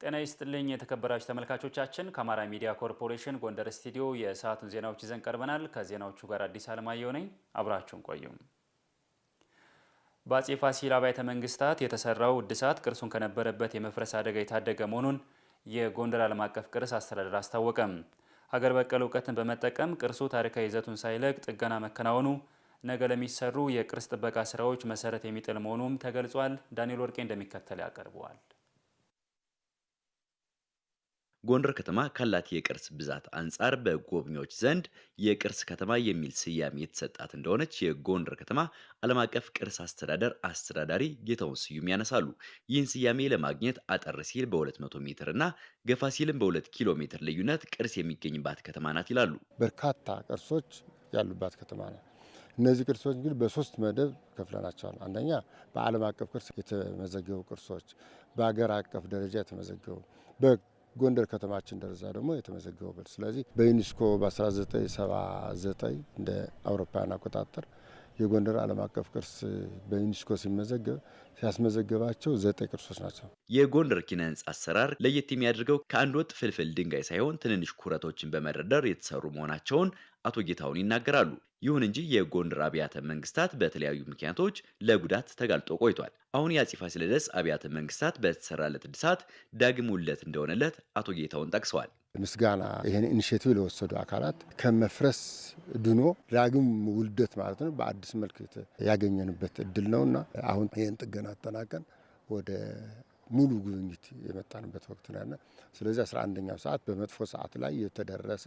ጤና ይስጥልኝ የተከበራችሁ ተመልካቾቻችን፣ ከአማራ ሚዲያ ኮርፖሬሽን ጎንደር ስቱዲዮ የሰዓቱን ዜናዎች ይዘን ቀርበናል። ከዜናዎቹ ጋር አዲስ አለማየሁ ነኝ። አብራችሁን ቆዩ። በአጼ ፋሲል አብያተ መንግስታት የተሰራው እድሳት ቅርሱን ከነበረበት የመፍረስ አደጋ የታደገ መሆኑን የጎንደር ዓለም አቀፍ ቅርስ አስተዳደር አስታወቀም። ሀገር በቀል እውቀትን በመጠቀም ቅርሱ ታሪካዊ ይዘቱን ሳይለቅ ጥገና መከናወኑ ነገ ለሚሰሩ የቅርስ ጥበቃ ስራዎች መሰረት የሚጥል መሆኑም ተገልጿል። ዳንኤል ወርቄ እንደሚከተል ያቀርበዋል። ጎንደር ከተማ ካላት የቅርስ ብዛት አንጻር በጎብኚዎች ዘንድ የቅርስ ከተማ የሚል ስያሜ የተሰጣት እንደሆነች የጎንደር ከተማ ዓለም አቀፍ ቅርስ አስተዳደር አስተዳዳሪ ጌታውን ስዩም ያነሳሉ። ይህን ስያሜ ለማግኘት አጠር ሲል በ200 ሜትር እና ገፋ ሲልም በ2 ኪሎ ሜትር ልዩነት ቅርስ የሚገኝባት ከተማ ናት ይላሉ። በርካታ ቅርሶች ያሉባት ከተማ ናት። እነዚህ ቅርሶች እንግዲህ በሶስት መደብ ከፍለናቸዋል። አንደኛ በዓለም አቀፍ ቅርስ የተመዘገቡ ቅርሶች፣ በሀገር አቀፍ ደረጃ የተመዘገቡ በጎንደር ከተማችን ደረጃ ደግሞ የተመዘገቡ ቅርስ። ስለዚህ በዩኒስኮ በ1979 እንደ አውሮፓውያን አቆጣጠር የጎንደር ዓለም አቀፍ ቅርስ በዩኒስኮ ሲመዘገብ ሲያስመዘገባቸው ዘጠኝ ቅርሶች ናቸው። የጎንደር ኪነ ህንፃ አሰራር ለየት የሚያደርገው ከአንድ ወጥ ፍልፍል ድንጋይ ሳይሆን ትንንሽ ኩረቶችን በመደርደር የተሰሩ መሆናቸውን አቶ ጌታሁን ይናገራሉ። ይሁን እንጂ የጎንደር አብያተ መንግስታት በተለያዩ ምክንያቶች ለጉዳት ተጋልጦ ቆይቷል። አሁን የአፄ ፋሲለደስ አብያተ መንግስታት በተሰራለት እድሳት ዳግም ውለት እንደሆነለት አቶ ጌታሁን ጠቅሰዋል። ምስጋና ይህን ኢኒሽቲቭ ለወሰዱ አካላት ከመፍረስ ድኖ ዳግም ውልደት ማለት ነው በአዲስ መልክ ያገኘንበት እድል ነውና አሁን ይህን ጥገና አጠናቀን ወደ ሙሉ ጉብኝት የመጣንበት ወቅት ነው ያለ። ስለዚህ አስራ አንደኛው ሰዓት በመጥፎ ሰዓት ላይ የተደረሰ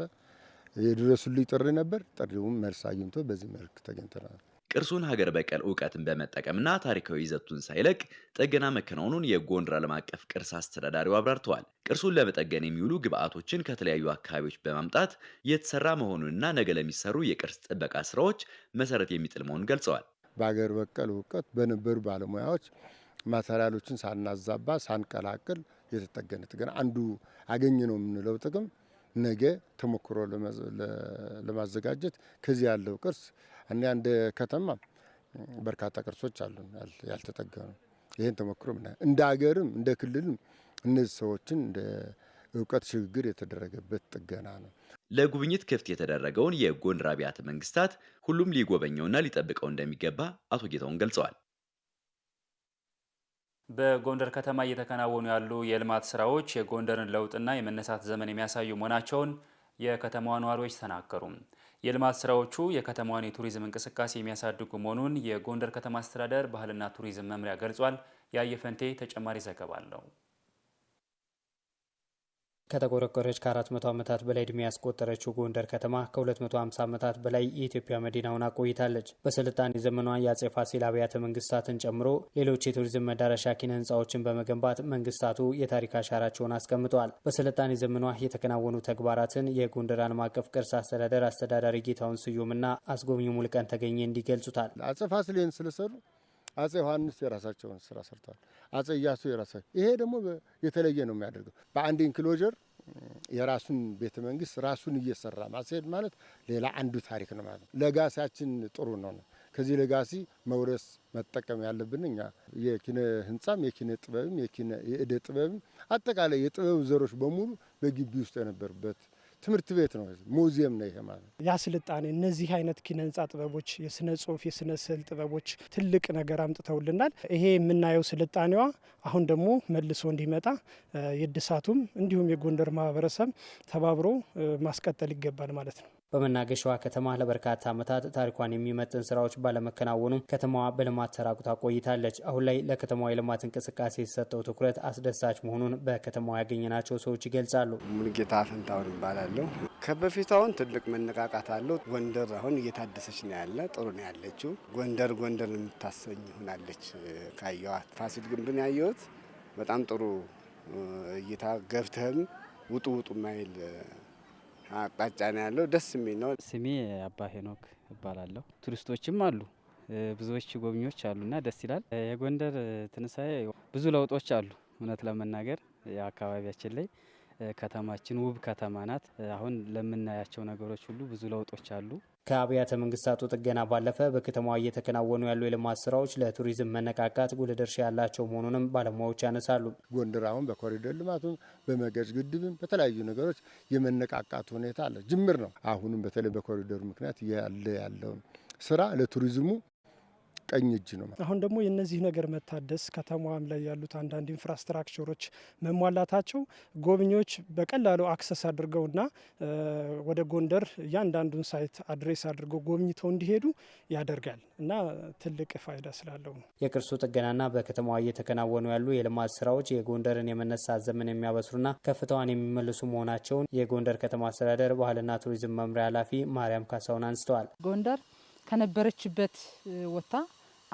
የድረሱልኝ ጥሪ ነበር። ጥሪውም መልስ አግኝቶ በዚህ መልክ ተገኝተናል። ቅርሱን ሀገር በቀል እውቀትን በመጠቀምና ታሪካዊ ይዘቱን ሳይለቅ ጥገና መከናወኑን የጎንደር ዓለም አቀፍ ቅርስ አስተዳዳሪው አብራርተዋል። ቅርሱን ለመጠገን የሚውሉ ግብአቶችን ከተለያዩ አካባቢዎች በማምጣት የተሰራ መሆኑንና ነገ ለሚሰሩ የቅርስ ጥበቃ ስራዎች መሰረት የሚጥል መሆኑን ገልጸዋል። በሀገር በቀል እውቀት በነበሩ ባለሙያዎች ማቴሪያሎችን ሳናዛባ ሳንቀላቅል የተጠገነ ጥገና አንዱ አገኘ ነው የምንለው ጥቅም ነገ ተሞክሮ ለማዘጋጀት ከዚህ ያለው ቅርስ እኔ አንድ ከተማ በርካታ ቅርሶች አሉ ያልተጠገኑ። ይህን ተሞክሮ እንደ ሀገርም እንደ ክልልም እነዚህ ሰዎችን እንደ እውቀት ሽግግር የተደረገበት ጥገና ነው። ለጉብኝት ክፍት የተደረገውን የጎንደር አብያተ መንግስታት ሁሉም ሊጎበኘውና ሊጠብቀው እንደሚገባ አቶ ጌታውን ገልጸዋል። በጎንደር ከተማ እየተከናወኑ ያሉ የልማት ስራዎች የጎንደርን ለውጥና የመነሳት ዘመን የሚያሳዩ መሆናቸውን የከተማዋ ነዋሪዎች ተናገሩ። የልማት ስራዎቹ የከተማዋን የቱሪዝም እንቅስቃሴ የሚያሳድጉ መሆኑን የጎንደር ከተማ አስተዳደር ባህልና ቱሪዝም መምሪያ ገልጿል። የአየፈንቴ ተጨማሪ ዘገባ አለው። ከተቆረቆረች ከ400 ዓመታት በላይ ዕድሜ ያስቆጠረችው ጎንደር ከተማ ከ250 ዓመታት በላይ የኢትዮጵያ መዲና ሆና ቆይታለች። በስልጣኔ ዘመኗ የአጼ ፋሲል አብያተ መንግስታትን ጨምሮ ሌሎች የቱሪዝም መዳረሻ ኪነ ህንፃዎችን በመገንባት መንግስታቱ የታሪክ አሻራቸውን አስቀምጠዋል። በስልጣኔ ዘመኗ የተከናወኑ ተግባራትን የጎንደር ዓለም አቀፍ ቅርስ አስተዳደር አስተዳዳሪ ጌታውን ስዩምና አስጎብኚ ሙልቀን ተገኘ እንዲገልጹታል። አጼ ፋሲል ስለሰሩ አጼ ዮሐንስ የራሳቸውን ስራ ሰርተዋል። አጼ እያሱ የራሳቸው ይሄ ደግሞ የተለየ ነው የሚያደርገው በአንድ ኢንክሎጀር የራሱን ቤተ መንግስት ራሱን እየሰራ ማስሄድ ማለት ሌላ አንዱ ታሪክ ነው ማለት ነው። ለጋሲያችን ጥሩ ነው ነው ከዚህ ለጋሲ መውረስ መጠቀም ያለብን እኛ የኪነ ህንፃም የኪነ ጥበብም የእደ ጥበብም አጠቃላይ የጥበብ ዘሮች በሙሉ በግቢ ውስጥ የነበሩበት ትምህርት ቤት ነው፣ ሙዚየም ነው ይሄ ማለት ያ ስልጣኔ እነዚህ አይነት ኪነ ህንጻ ጥበቦች፣ የስነ ጽሁፍ፣ የስነ ስዕል ጥበቦች ትልቅ ነገር አምጥተውልናል። ይሄ የምናየው ስልጣኔዋ አሁን ደግሞ መልሶ እንዲመጣ የእድሳቱም እንዲሁም የጎንደር ማህበረሰብ ተባብሮ ማስቀጠል ይገባል ማለት ነው። በመናገሻዋ ከተማ ለበርካታ ዓመታት ታሪኳን የሚመጥን ስራዎች ባለመከናወኑ ከተማዋ በልማት ተራቁታ ቆይታለች። አሁን ላይ ለከተማዋ የልማት እንቅስቃሴ የተሰጠው ትኩረት አስደሳች መሆኑን በከተማዋ ያገኘናቸው ሰዎች ይገልጻሉ። ሙሉጌታ ፈንታሁን ይባላለሁ። ከበፊቱ አሁን ትልቅ መነቃቃት አለው። ጎንደር አሁን እየታደሰች ነው ያለ ጥሩ ነው ያለችው። ጎንደር ጎንደር የምታሰኝ ሆናለች። ካየዋት ፋሲል ግንብን ያየሁት በጣም ጥሩ እይታ ገብተህም ውጡ ውጡ ማይል አቅጣጫ ነው ያለው። ደስ የሚል ነው። ስሜ አባ ሄኖክ እባላለሁ። ቱሪስቶችም አሉ ብዙዎች ጎብኚዎች አሉና ደስ ይላል። የጎንደር ትንሳኤ ብዙ ለውጦች አሉ እውነት ለመናገር የአካባቢያችን ላይ ከተማችን ውብ ከተማ ናት። አሁን ለምናያቸው ነገሮች ሁሉ ብዙ ለውጦች አሉ። ከአብያተ መንግስታቱ ጥገና ባለፈ በከተማዋ እየተከናወኑ ያሉ የልማት ስራዎች ለቱሪዝም መነቃቃት ጉልህ ድርሻ ያላቸው መሆኑንም ባለሙያዎች ያነሳሉ። ጎንደር አሁን በኮሪደር ልማቱም በመገዝ ግድብም በተለያዩ ነገሮች የመነቃቃት ሁኔታ አለ፣ ጅምር ነው። አሁንም በተለይ በኮሪደሩ ምክንያት ያለ ያለውን ስራ ለቱሪዝሙ ቀኝ እጅ ነው። አሁን ደግሞ የነዚህ ነገር መታደስ ከተማዋም ላይ ያሉት አንዳንድ ኢንፍራስትራክቸሮች መሟላታቸው ጎብኚዎች በቀላሉ አክሰስ አድርገውና ወደ ጎንደር እያንዳንዱን ሳይት አድሬስ አድርገው ጎብኝተው እንዲሄዱ ያደርጋል እና ትልቅ ፋይዳ ስላለው ነው። የቅርሱ ጥገናና በከተማዋ እየተከናወኑ ያሉ የልማት ስራዎች የጎንደርን የመነሳት ዘመን የሚያበስሩና ከፍታዋን የሚመልሱ መሆናቸውን የጎንደር ከተማ አስተዳደር ባህልና ቱሪዝም መምሪያ ኃላፊ ማርያም ካሳሁን አንስተዋል። ጎንደር ከነበረችበት ወጥታ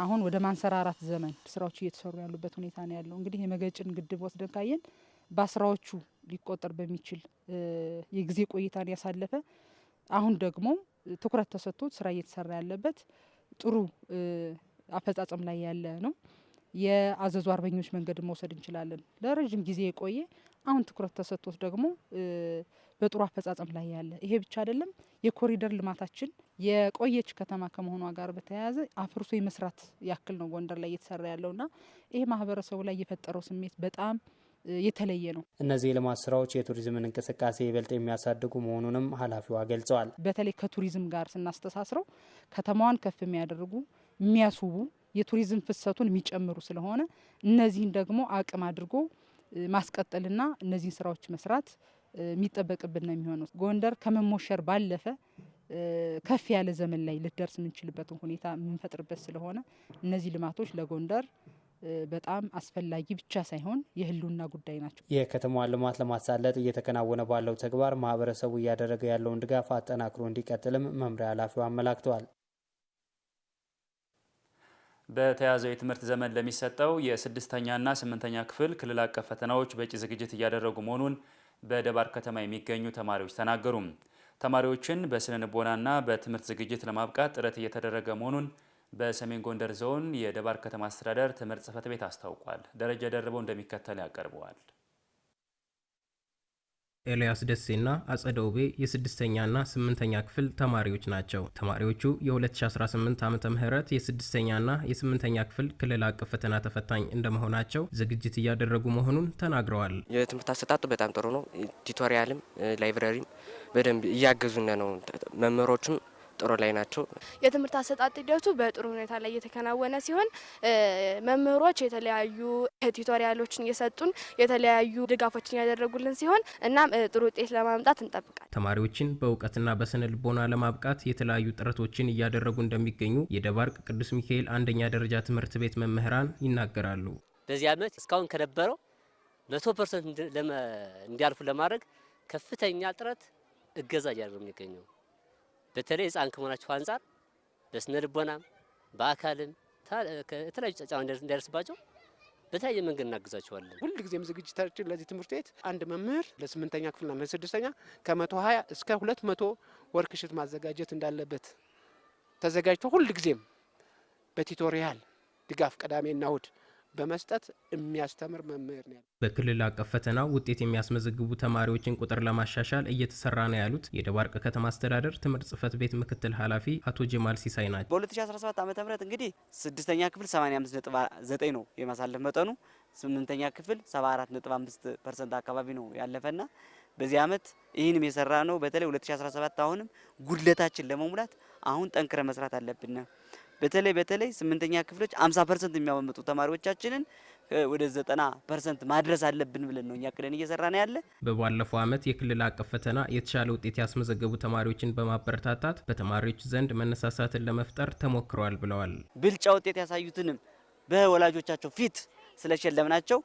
አሁን ወደ ማንሰራራት ዘመን ስራዎች እየተሰሩ ያሉበት ሁኔታ ነው ያለው። እንግዲህ የመገጭን ግድብ ወስደን ካየን በአስራዎቹ ሊቆጠር በሚችል የጊዜ ቆይታን ያሳለፈ አሁን ደግሞ ትኩረት ተሰጥቶት ስራ እየተሰራ ያለበት ጥሩ አፈጻጸም ላይ ያለ ነው። የአዘዙ አርበኞች መንገድ መውሰድ እንችላለን። ለረዥም ጊዜ የቆየ አሁን ትኩረት ተሰጥቶት ደግሞ በጥሩ አፈጻጸም ላይ ያለ። ይሄ ብቻ አይደለም፣ የኮሪደር ልማታችን የቆየች ከተማ ከመሆኗ ጋር በተያያዘ አፍርሶ የመስራት ያክል ነው ጎንደር ላይ እየተሰራ ያለውና ይሄ ማህበረሰቡ ላይ የፈጠረው ስሜት በጣም የተለየ ነው። እነዚህ የልማት ስራዎች የቱሪዝምን እንቅስቃሴ ይበልጥ የሚያሳድጉ መሆኑንም ኃላፊዋ ገልጸዋል። በተለይ ከቱሪዝም ጋር ስናስተሳስረው ከተማዋን ከፍ የሚያደርጉ የሚያስውቡ የቱሪዝም ፍሰቱን የሚጨምሩ ስለሆነ እነዚህን ደግሞ አቅም አድርጎ ማስቀጠልና እነዚህን ስራዎች መስራት የሚጠበቅብን ነው የሚሆነው። ጎንደር ከመሞሸር ባለፈ ከፍ ያለ ዘመን ላይ ልደርስ የምንችልበትን ሁኔታ የምንፈጥርበት ስለሆነ እነዚህ ልማቶች ለጎንደር በጣም አስፈላጊ ብቻ ሳይሆን የህልውና ጉዳይ ናቸው። የከተማዋን ልማት ለማሳለጥ እየተከናወነ ባለው ተግባር ማህበረሰቡ እያደረገ ያለውን ድጋፍ አጠናክሮ እንዲቀጥልም መምሪያ ኃላፊው አመላክተዋል። በተያዘው የትምህርት ዘመን ለሚሰጠው የስድስተኛና ስምንተኛ ክፍል ክልል አቀፍ ፈተናዎች በቂ ዝግጅት እያደረጉ መሆኑን በደባር ከተማ የሚገኙ ተማሪዎች ተናገሩ። ተማሪዎችን በስነ ልቦናና በትምህርት ዝግጅት ለማብቃት ጥረት እየተደረገ መሆኑን በሰሜን ጎንደር ዞን የደባር ከተማ አስተዳደር ትምህርት ጽሕፈት ቤት አስታውቋል። ደረጃ ደርበው እንደሚከተል ያቀርበዋል። ኤልያስ ደሴና አጸደ ውቤ የስድስተኛና ስምንተኛ ክፍል ተማሪዎች ናቸው። ተማሪዎቹ የ2018 ዓ ም የስድስተኛና የስምንተኛ ክፍል ክልል አቀፍ ፈተና ተፈታኝ እንደመሆናቸው ዝግጅት እያደረጉ መሆኑን ተናግረዋል። የትምህርት አሰጣጡ በጣም ጥሩ ነው። ቲቶሪያልም ላይብረሪም በደንብ እያገዙነ ነው። መምህሮቹም ጥሩ ላይ ናቸው። የትምህርት አሰጣጥ ሂደቱ በጥሩ ሁኔታ ላይ እየተከናወነ ሲሆን መምህሮች የተለያዩ ቲቶሪያሎችን እየሰጡን የተለያዩ ድጋፎችን እያደረጉልን ሲሆን እናም ጥሩ ውጤት ለማምጣት እንጠብቃል። ተማሪዎችን በእውቀትና በስነ ልቦና ለማብቃት የተለያዩ ጥረቶችን እያደረጉ እንደሚገኙ የደባርቅ ቅዱስ ሚካኤል አንደኛ ደረጃ ትምህርት ቤት መምህራን ይናገራሉ። በዚህ ዓመት እስካሁን ከነበረው መቶ ፐርሰንት እንዲያልፉ ለማድረግ ከፍተኛ ጥረት እገዛ እያደረጉ የሚገኘው በተለይ ህፃን ከመሆናቸው አንጻር በስነ ልቦናም በአካልም የተለያዩ ጫና እንዳይደርስባቸው በተለያየ መንገድ እናግዛቸዋለን። ጊዜም ዝግጅታችን ለዚህ ትምህርት ቤት አንድ መምህር ለስምንተኛ ክፍልና ለስድስተኛ ከመቶ ሀያ እስከ ሁለት መቶ ወርክሽት ማዘጋጀት እንዳለበት ተዘጋጅቶ ጊዜም በቲቶሪያል ድጋፍ ቅዳሜና እሁድ በመስጠት የሚያስተምር መምህር ነው። በክልል አቀፍ ፈተና ውጤት የሚያስመዘግቡ ተማሪዎችን ቁጥር ለማሻሻል እየተሰራ ነው ያሉት የደባርቅ ከተማ አስተዳደር ትምህርት ጽህፈት ቤት ምክትል ኃላፊ አቶ ጀማል ሲሳይ ናቸው። በ2017 ዓ ም እንግዲህ ስድስተኛ ክፍል 85.9 ነው የማሳለፍ መጠኑ፣ ስምንተኛ ክፍል 74.5 ፐርሰንት አካባቢ ነው ያለፈና በዚህ ዓመት ይህንም የሰራ ነው። በተለይ 2017 አሁንም ጉድለታችን ለመሙላት አሁን ጠንክረ መስራት አለብን። በተለይ በተለይ ስምንተኛ ክፍሎች 50% የሚያመጡ ተማሪዎቻችንን ወደ 90% ማድረስ አለብን ብለን ነው እኛ ቅደን እየሰራ ነው ያለ። በባለፈው ዓመት የክልል አቀፍ ፈተና የተሻለ ውጤት ያስመዘገቡ ተማሪዎችን በማበረታታት በተማሪዎች ዘንድ መነሳሳትን ለመፍጠር ተሞክረዋል ብለዋል። ብልጫ ውጤት ያሳዩትንም በወላጆቻቸው ፊት ስለሸለምናቸው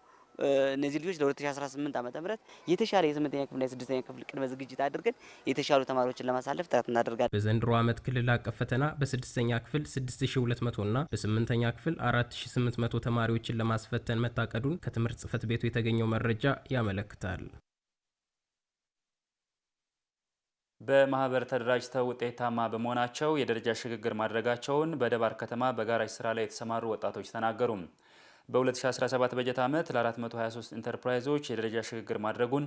እነዚህ ልጆች ለ2018 ዓመተ ምህረት የተሻለ የስምንተኛ ክፍልና የስድስተኛ ክፍል ቅድመ ዝግጅት አድርገን የተሻሉ ተማሪዎችን ለማሳለፍ ጥረት እናደርጋለን። በዘንድሮ ዓመት ክልል አቀፍ ፈተና በስድስተኛ ክፍል 6200 እና በስምንተኛ ክፍል 4800 ተማሪዎችን ለማስፈተን መታቀዱን ከትምህርት ጽህፈት ቤቱ የተገኘው መረጃ ያመለክታል። በማህበር ተደራጅተው ውጤታማ በመሆናቸው የደረጃ ሽግግር ማድረጋቸውን በደባር ከተማ በጋራጅ ስራ ላይ የተሰማሩ ወጣቶች ተናገሩ። በ2017 በጀት ዓመት ለ423 ኢንተርፕራይዞች የደረጃ ሽግግር ማድረጉን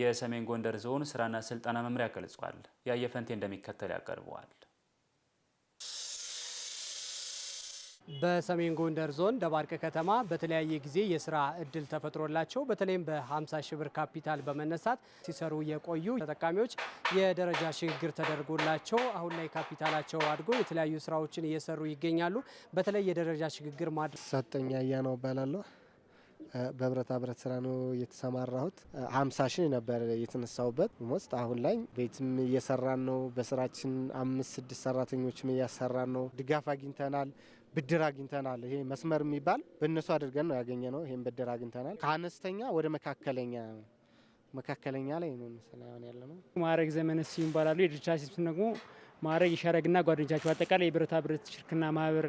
የሰሜን ጎንደር ዞን ስራና ስልጠና መምሪያ ገልጿል። ያየፈንቴ እንደሚከተል ያቀርበዋል። በሰሜን ጎንደር ዞን ደባርቅ ከተማ በተለያየ ጊዜ የስራ እድል ተፈጥሮላቸው በተለይም በ50 ሺህ ብር ካፒታል በመነሳት ሲሰሩ የቆዩ ተጠቃሚዎች የደረጃ ሽግግር ተደርጎላቸው አሁን ላይ ካፒታላቸው አድጎ የተለያዩ ስራዎችን እየሰሩ ይገኛሉ። በተለይ የደረጃ ሽግግር ማድረግ ሰጠኛ እያ ነው እባላለሁ። በብረታ ብረት ስራ ነው የተሰማራሁት። 50 ሺህ ነበር የተነሳውበት ሞስት አሁን ላይ ቤትም እየሰራን ነው። በስራችን አምስት ስድስት ሰራተኞችም እያሰራን ነው። ድጋፍ አግኝተናል። ብድር አግኝተናል። ይሄ መስመር የሚባል በእነሱ አድርገን ነው ያገኘ ነው። ይሄን ብድር አግኝተናል። ከአነስተኛ ወደ መካከለኛ መካከለኛ ላይ ነው መሰለኝ ያለ ነው። ማዕረግ ዘመነ ሲሆን ይባላሉ። የድርጅታችን ስም ደግሞ ማዕረግ የሻረግና ጓደኞቻቸው አጠቃላይ የብረታ ብረት ሽርክና ማህበር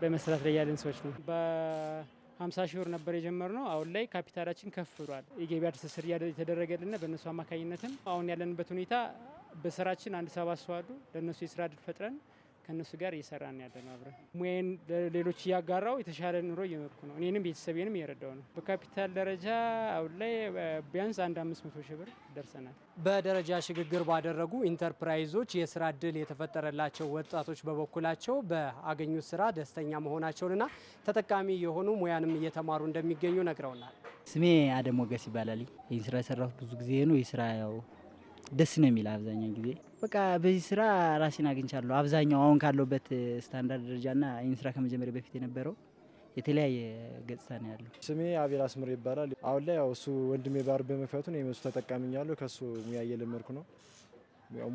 በመስራት ላይ ያለን ሰዎች ነው። በ50 ሺህ ብር ነበር የጀመርነው። አሁን ላይ ካፒታላችን ከፍ ብሏል። የገቢያ ትስስር የተደረገልን በእነሱ አማካኝነትም አሁን ያለንበት ሁኔታ በስራችን አንድ ሰባ ሰው አሉ ለእነሱ የስራ እድል ፈጥረን ከእነሱ ጋር እየሰራን ያለን አብረን ሙያን ለሌሎች እያጋራው የተሻለ ኑሮ እየኖርኩ ነው። እኔንም ቤተሰቤንም እየረዳው ነው። በካፒታል ደረጃ አሁን ላይ ቢያንስ አንድ አምስት መቶ ሺህ ብር ደርሰናል። በደረጃ ሽግግር ባደረጉ ኢንተርፕራይዞች የስራ እድል የተፈጠረላቸው ወጣቶች በበኩላቸው በአገኙት ስራ ደስተኛ መሆናቸውንና ተጠቃሚ የሆኑ ሙያንም እየተማሩ እንደሚገኙ ነግረውናል። ስሜ አደም ሞገስ ይባላል። ይህን ስራ የሰራሁት ብዙ ጊዜ ነው። ይህ ስራ ያው ደስ ነው የሚል አብዛኛው ጊዜ በቃ በዚህ ስራ ራሴን አግኝቻለሁ። አብዛኛው አሁን ካለሁበት ስታንዳርድ ደረጃ ና ይህን ስራ ከመጀመሪያ በፊት የነበረው የተለያየ ገጽታ ነው ያለው። ስሜ አቤል አስምር ይባላል። አሁን ላይ ያው እሱ ወንድሜ ባር በመክፈቱ ነው የመሱ ተጠቃሚኛለሁ። ከእሱ ሙያ እየለመድኩ ነው።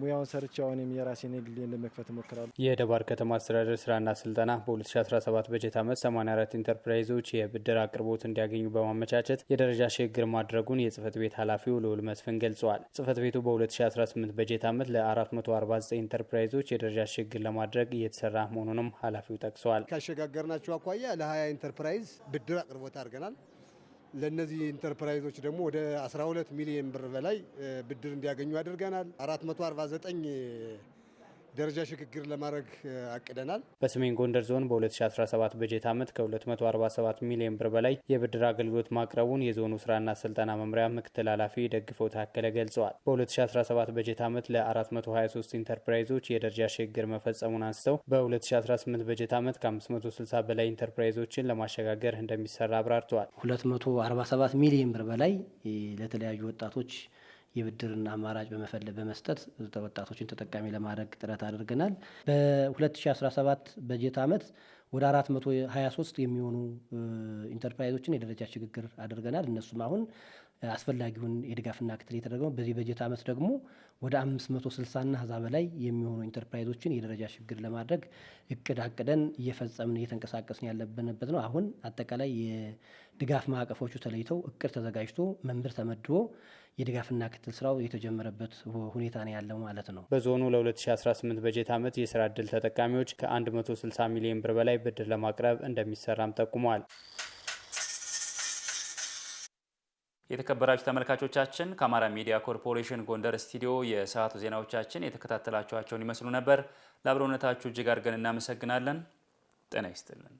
ሙያውን ሰርቼ አሁን የራሴን የግሌ ለመክፈት እሞክራለሁ። የደባር ከተማ አስተዳደር ስራና ስልጠና በ2017 በጀት ዓመት 84 ኢንተርፕራይዞች የብድር አቅርቦት እንዲያገኙ በማመቻቸት የደረጃ ሽግግር ማድረጉን የጽህፈት ቤት ኃላፊው ልዑል መስፍን ገልጸዋል። ጽህፈት ቤቱ በ2018 በጀት ዓመት ለ449 ኢንተርፕራይዞች የደረጃ ሽግግር ለማድረግ እየተሰራ መሆኑንም ኃላፊው ጠቅሰዋል። ካሸጋገርናቸው አኳያ ለ20 ኢንተርፕራይዝ ብድር አቅርቦት አድርገናል። ለነዚህ ኢንተርፕራይዞች ደግሞ ወደ 12 ሚሊዮን ብር በላይ ብድር እንዲያገኙ አድርገናል። 449 ደረጃ ሽግግር ለማድረግ አቅደናል። በሰሜን ጎንደር ዞን በ2017 በጀት ዓመት ከ247 ሚሊዮን ብር በላይ የብድር አገልግሎት ማቅረቡን የዞኑ ስራና ስልጠና መምሪያ ምክትል ኃላፊ ደግፈው ታከለ ገልጸዋል። በ2017 በጀት ዓመት ለ423 ኢንተርፕራይዞች የደረጃ ሽግግር መፈጸሙን አንስተው በ2018 በጀት ዓመት ከ560 በላይ ኢንተርፕራይዞችን ለማሸጋገር እንደሚሰራ አብራርተዋል። 247 ሚሊዮን ብር በላይ ለተለያዩ ወጣቶች የብድርና አማራጭ በመፈለግ በመስጠት ወጣቶችን ተጠቃሚ ለማድረግ ጥረት አድርገናል። በ2017 በጀት ዓመት ወደ 423 የሚሆኑ ኢንተርፕራይዞችን የደረጃ ሽግግር አድርገናል። እነሱም አሁን አስፈላጊውን የድጋፍና ክትል የተደረገው በዚህ በጀት ዓመት ደግሞ ወደ 560ና ከዛ በላይ የሚሆኑ ኢንተርፕራይዞችን የደረጃ ሽግግር ለማድረግ እቅድ አቅደን እየፈጸምን እየተንቀሳቀስን ያለብንበት ነው። አሁን አጠቃላይ የድጋፍ ማዕቀፎቹ ተለይተው እቅድ ተዘጋጅቶ መምህር ተመድቦ የድጋፍና ክትል ስራው የተጀመረበት ሁኔታ ነው ያለው ማለት ነው። በዞኑ ለ2018 በጀት ዓመት የስራ እድል ተጠቃሚዎች ከ160 ሚሊዮን ብር በላይ ብድር ለማቅረብ እንደሚሰራም ጠቁሟል። የተከበራችሁ ተመልካቾቻችን ከአማራ ሚዲያ ኮርፖሬሽን ጎንደር ስቱዲዮ የሰዓቱ ዜናዎቻችን የተከታተላችኋቸውን ይመስሉ ነበር። ለአብሮነታችሁ እጅግ አድርገን እናመሰግናለን። ጤና ይስጥልን።